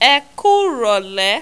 ẹ kú